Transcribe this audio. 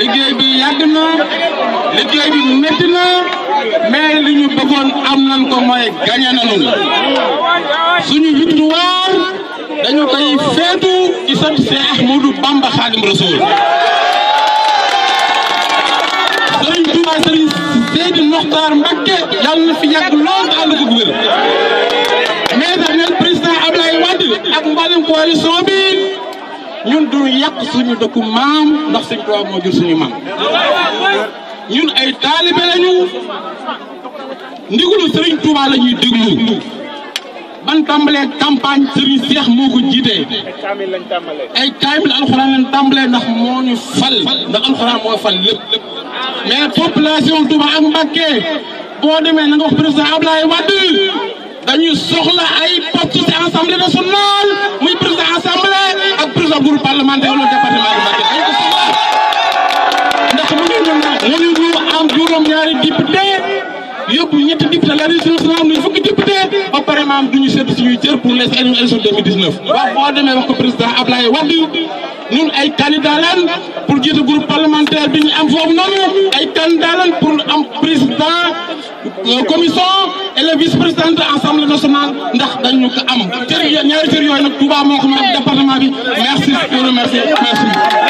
liggéey bi yàgg na liggéey bi métti na li ñu bëggoon am nañ ko mooy gañe nañu suñu victoire dañu koy feetu ci sant Cheikh Ahmadou Bamba Khadim Rasoul sëriñ Touba sëriñ Seydi Mokhtar Mbacké yàlla na fi yàgg lool te ànd ko wér mais sax neen président Abdoulaye Wade ak mboolem coalition bi ñun duñu yàq suñu dëkku maam ndax suñ Tuubaa moo jur suñu maam ñun ay taalibe lañu ndigalu sëriñ Tuubaa la ñuy déglu ban tàmbalee campagne sëriñ Seex moo ko jiitee ay kaamil alxuraan lañ tàmbalee ndax moo ñu fal ndax alxuraan moo fal lépp mais population Touba ak Mbacké boo demee na nga wax président Ablaye Wade dañuy soxla ay poste ci assemblée nationale muy président lañu ñu am juróom-ñaari député yóbbu ñetti député la région am nañu fukki député ba pare maam du ñu sedd suñuy cër pour les élections 2019. waaw boo demee wax ko président Ablaye Wade ñun ay candidat lan pour groupe parlementaire bi ñu am foofu noonu ay candidat lan pour am président euh, commission et le vice président de nationale ndax dañu ko am cër ñaari cër yooyu nag Touba moo ko mën département bi merci je vous remercie merci.